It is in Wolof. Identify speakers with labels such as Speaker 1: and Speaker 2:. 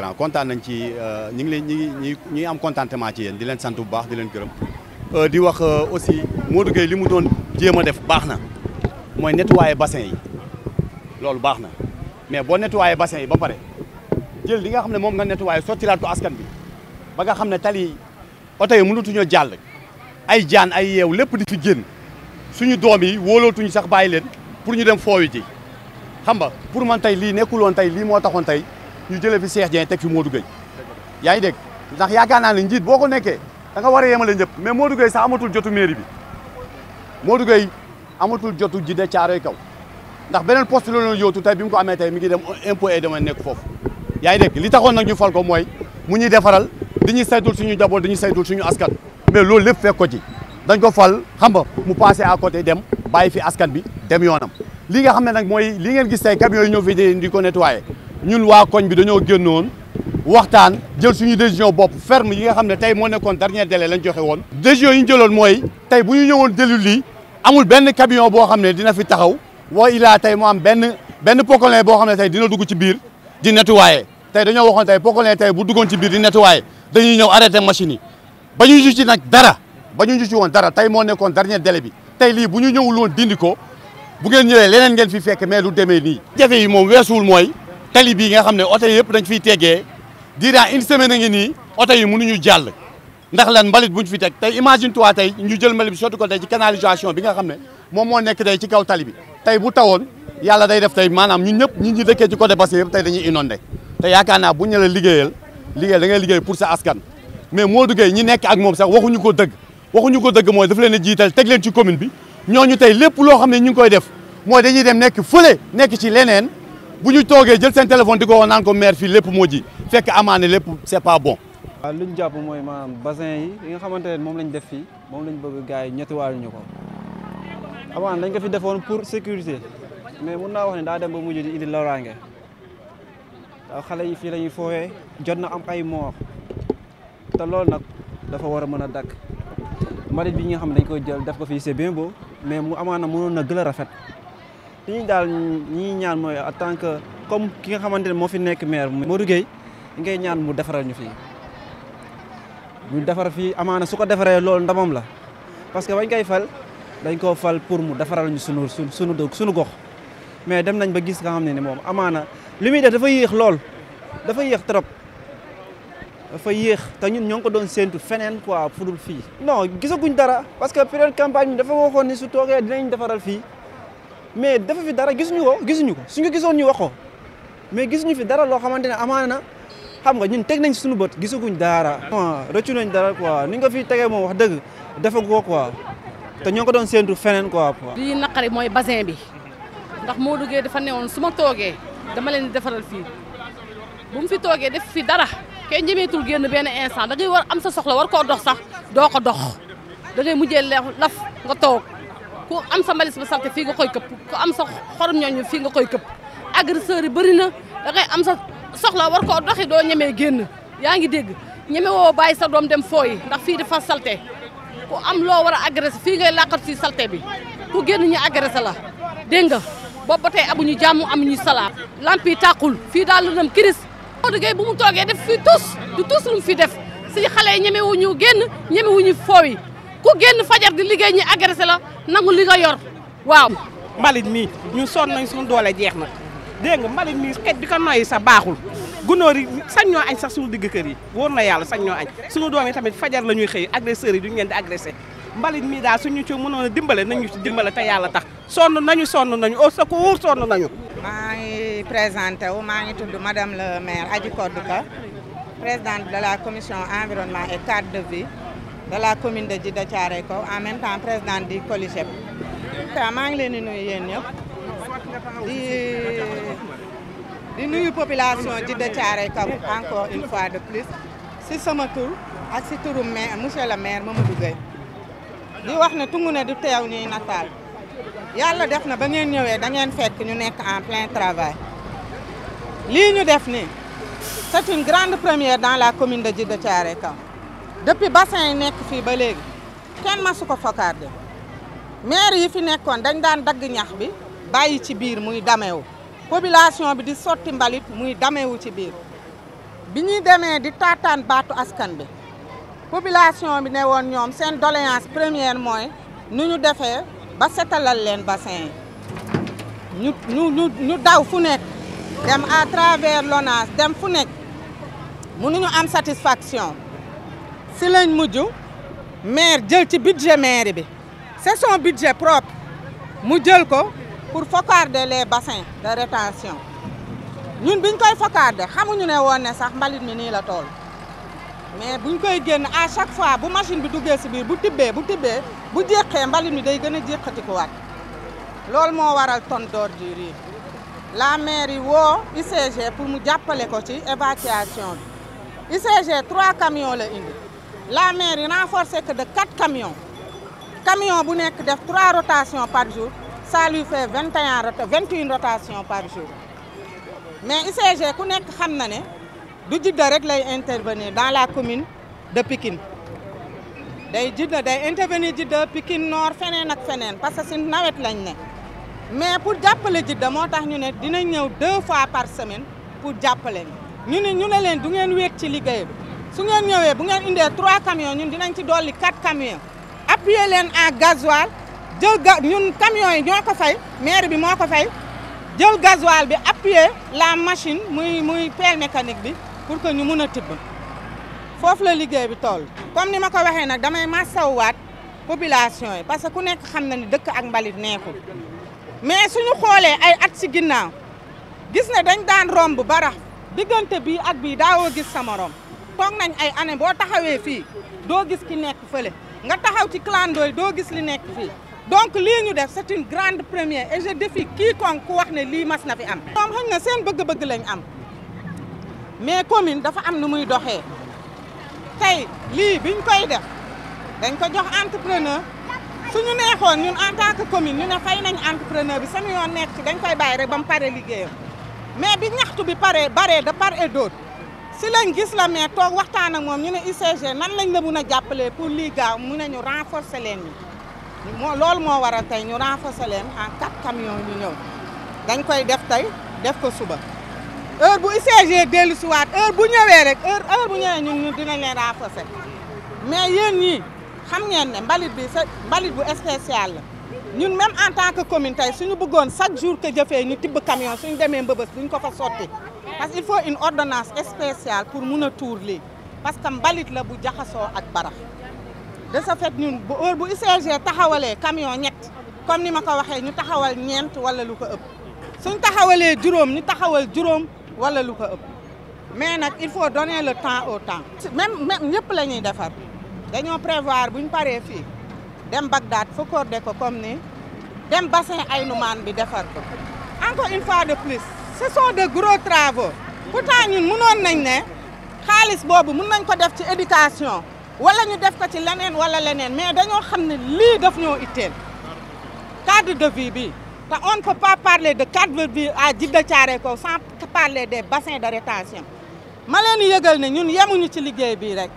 Speaker 1: grand kontaan nañ ci euh, ñu ngi leen ñi ñi ñi am contentement ci yéen di leen sant bu baax di leen gërëm euh, di wax euh, aussi Modou Gueye li mu doon jéem a def baax na mooy nettoyer bassin yi loolu baax na mais boo nettoyer bassin yi ba pare jël li nga xam ne moom nga nettoyer sottilaat ko askan bi ba nga xam ne tali oto yi mënatuñoo jàll ay jaan ay yeew lépp di fi génn suñu doom yi wóolootuñ sax bàyyi leen pour ñu dem foowi ji xam nga pour man tey lii nekkuloon tey lii moo taxoon tey ñu jëlee fi Cheikh Dieng teg fi Modou Gueye yaa ngi dégg ndax yaakaar naa ne njiit boo ko nekkee da nga war a yemale ñëpp mais Modou Gueye sax amatul jotu mairie bi Modou Gueye amatul jotu jide caaroy kaw ndax beneen poste la doon yóotu tey bi mu ko amee tay mi ngi dem impôt et domaine nekk foofu yaa ngi li taxoon nag ñu fal ko mooy mu ñuy defaral di ñuy saytul suñu jaboot di ñuy saytul suñu askan mais loolu lépp fekk ko ci dañ ko fal xam nga mu passé à côté dem bàyyi fi askan bi dem yoonam li nga xam ne nag mooy li ngeen gis tey camion yooyu ñëw fi di ko nettoyé ñun waa koñ bi dañoo génnoon waxtaan jël suñu décision bopp ferme yi nga xam ne tey moo nekkoon dernier délai lañ joxe woon. décision yi ñu jëloon mooy tey bu ñu ñëwoon delu lii amul benn camion boo xam ne dina fi taxaw wa ilaa tey moo am benn benn poclain boo xam ne tey dina dugg ci biir di nettoyer tey dañoo waxoon tey poclain tey bu duggoon ci biir di nettoyer dañuy ñëw arrêté machine yi ba ñu ju nag dara ba ñu ju woon dara tey moo nekkoon dernier délai bi tey lii bu ñu ñëwul dindi ko bu ngeen ñëwee leneen ngeen fi fekk mais lu demee nii. jafe yi moom weesuwul mooy tali bii nga xam ne oto yëpp dañ fiy tegee diiraa une semaine a ngi nii oto yi mënuñu jàll ndax lan mbalit ñu fi teg tey imagine toi tey ñu jël mbalit bi sotti ko tey ci canalisation bi nga xam ne moom moo nekk tey ci kaw tali bi tey bu tawoon yàlla day def tey maanaam ñun ñëpp ñu ñi dëkkee ci côté Basse yëpp tey dañuy inondé te yaakaar naa buñ ne la liggéeyal liggéey da ngay liggéey pour sa askan mais Modou Gueye ñu nekk ak moom sax waxuñu ko dëgg waxuñu ko dëgg mooy daf leen a jiital leen ci commune bi ñooñu tey lépp loo xam ne ñu ngi koy def mooy dañuy dem nekk fële nekk ci leneen bu ñu toogee jël seen téléphone di ko wax naan ko maire fii lépp moo ji fekk amaane lépp c'est pas bon.
Speaker 2: waaw ñu jàpp mooy maanaam bassin yi yi nga xamante ne moom lañ def fii moom lañ bëgg gars yi ñettiwaale ñu ko amaan dañ ko fi defoon pour sécurité mais mun naa wax ne daa dem ba mujj di indi loraange xale yi fii lañuy ñuy jot na am ay moor te loolu nag dafa war a mën a dakk mbalit bi nga xam ne dañ koy jël def ko fii c'est bien beau mais mu amaan na mënoon na gën a rafet. li daal ñi ñaan mooy en tant que comme ki nga xamante ne moo fi nekk maire Modou Gueye ngay ñaan mu defaral ñu fii mu defar fii amaana su ko defaree loolu ndamam la parce que bañ kay fal dañ koo fal pour mu defaral ñu sunu sunu sunu dëkk sunu gox mais dem nañ ba gis nga xam ne ni moom amaana li muy def dafa yéex lool dafa yéex trop dafa yéex ta ñun ñoo ngi ko doon séentu feneen quoi fudul fii. non gisaguñ dara parce que période campagne bi dafa waxoon ni su toogee dinañ defaral fii. mais dafa fi dara gisuñu ko gisuñu ko suñu gisoon ñu wax ko mais gisuñu fi dara loo xamante ne amaana na xam nga ñun teg nañ suñu bët gisaguñ dara. rëccu nañ dara quoi ni nga fi tegee moo wax dëgg dafa ko quoi te ñoo ko doon séntu feneen quoi.
Speaker 3: lii naqari mooy bassin bi ndax moo duggee dafa newoon su ma toogee dama leen di defaral fii bu mu fi toogee def fi dara kenn jëmeetul génn benn instant da ngay war am sa soxla war koo dox sax doo ko dox da ngay mujjee laf nga toog. ku am sa mbalis bu salte fii nga koy këpp ku am sa xorom ñooñu fii nga koy këpp agresseur yi bëri na dangay am sa soxla war koo doxi doo ñemee génn yaa ngi dégg ñeme woo bàyyi sa doom dem fooyi ndax fii dafa salte ku am loo war a agressé fii ngay làqat si salte bi ku génn ñu agressé la dégg nga boobu ba tey amuñu jàmm amuñu salaam lamp yi tàqul fii daal la dem kiris Modou Gueye bu mu toogee def fii tous du tous lu mu fi def si xale yi ñeme wuñu génn ñeme wuñu fooyi ku génn fajar di liggéey ñi agressé la nangu li nga yor waaw. mbalit mi ñu sonn nañ suñu doolee jeex na dégg nga mbalit mii xet bi ko noyyi sa baaxul gunóor yi sañ ñoo añ sax suñu digg kër yi wóor na yàlla sañ ñoo añ suñu doom yi tamit fajar la ñuy xëy agresseurs yi duñu leen di agressé mbalit mi daal suñu ci mënoon dimbale nañu ci dimbale te yàlla tax sonn
Speaker 2: nañu sonn nañu sa au secours sonn nañu.
Speaker 3: maa ngi présenté wu maa ngi tudd madame le maire Adji Kodouka présidente de la commission environnement et cadre de vie. de commune de Djiddah Thiaroye Kaw en même temps présidente du COLIGEP. waaw maa ngi leen di nuyu yéen ñëpp di di nuyu population Djiddah Thiaroye Kaw encore de plus si sama tur ak si turu maire monsieur le maire Mamadou Gueye di wax ne tungu ne du teew ñuy nataal yàlla def na ba ngeen ñëwee da ngeen fekk ñu nekk en plein travail lii ñu def nii c'est grande première dans la commune de Djiddah Thiaroye Kaw depuis bassin yi nekk fii ba léegi kenn masu ko fokaarde maire yi fi nekkoon dañ daan dagg ñax bi bàyyi ci biir muy damewu population bi di sotti mbalit muy damewu ci biir bi ñuy demee di taataan baatu askan bi population bi ne woon ñoom seen doléance première mooy nu ñu defee ba setalal leen bassin yi ñu ñu ñu daw fu nekk dem à travers l'ONAS dem fu nekk mu mënuñu am satisfaction si lañ mujj maire jël ci budget maire bi c'est son budget propre mu jël ko pour focarder les bassins de rétention ñun biñ koy focarder xamuñu ne woon ne sax mbalit mi nii la tool mais buñ koy génn à chaque fois bu machine bi duggee si biir bu tibbee bu tibbee bu jéqee mbalit mi day gën a jéqatikuwaat loolu moo waral tonne d'ordure yi la mairie woo UCG pour mu jàppale ko ci évacuation bi UCG trois camions la indi la mairie renforcée que de quatre camions camion bu nekk def trois rotations par jour ça lui vingt et un vingt une rotations par jour mais UCG ku nekk xam na ne du Djidda rek lay intervenir dans la commune de Pikine day Djidda day intervenir Djidda Pikine Nord feneen ak feneen parce que si nawet lañ ne mais pour jàppale Djidda moo tax ñu ne dina ñëw deux fois par semaine pour jàppale ñu ne ñu ne leen du ngeen wéet ci liggéey su ngeen ñëwee bu ngeen indee trois camions ñun dinañ ci dolli quatre camions appuyer leen en gasoil jël ga ñun camions yi ñoo ko fay maire bi moo ko fay jël gasoil bi appuyer la machine muy muy pelle mécanique bi pour que ñu mun a tibb foofu la liggéey bi toll. comme ni ma ko waxee nag damay massawwaat population yi parce que ku nekk xam na ni dëkk ak mbalit neexul mais suñu xoolee ay at ci ginnaaw gis ne dañ daan romb bara diggante bii ak bii daawoo gis sa morom. toog nañ ay année boo taxawee fii doo gis ki nekk fële nga taxaw ci clando doo gis li nekk fii donc lii ñu def c'est une grande première et je défie quiconque ku wax ne lii mas na fi am. moom xam nga seen bëgg-bëgg lañ am mais commune dafa am nu muy doxee tey lii biñ koy def dañ ko jox entrepreneur suñu neexoon ñun en tant que commune ñu ne fay nañ entrepreneur bi sama yoon nekk ci dañ koy bàyyi rek ba mu pare liggéeyam mais bi ñaxtu bi paree baree da par et d'autre si lañ gis la mais toog waxtaan ak moom ñu ne UCG nan lañ la mun a jàppalee pour lii gaaw mu ne ñu renforcer leen ñi moo loolu moo waral tey ñu renforcer leen en quatre camions ñu ñëw dañ koy def tey def ko suba heure bu UCG dellu si waat heure bu ñëwee rek heure heure bu ñëwee ñun ñu dinañ leen renforcer mais yéen ñii xam ngeen mbalit bi sa mbalit bu spécial la ñun même en tant que commune suñu bëggoon chaque jour que jëfee ñu tibb camion suñu demee mbëbës duñ ko fa sotti parce qu'il faut une ordonnance spéciale pour mun a tuur lii parce que mbalit la bu jaxasoo ak barax de ce fait ñun bu heure bu UCG taxawalee camion ñett comme ni ma ko waxee ñu taxawal ñeent wala lu ko ëpp suñ taxawalee juróom ñu taxawal juróom wala lu ko ëpp mais nag il faut donner le temps au temps même même ñëpp la ñuy defar dañoo prévoir buñ paree fii dem Bagdad focordé ko comme ni dem bassin Aynoumane bi defar ko encore une fois de plus ce sont de gros travaux pourtant ñun mënoon nañ ne xaalis boobu mun nañ ko def ci éducation wala ñu def ko ci leneen wala leneen mais dañoo xam ne lii daf ñoo itteel cadre de vie bi te on ne peut parler de cadre de vie à Djidda Thiaroye-Kaw sans parler des bassins de rétention ma leen yëgal ne ñun yemuñu ci liggéey bii rek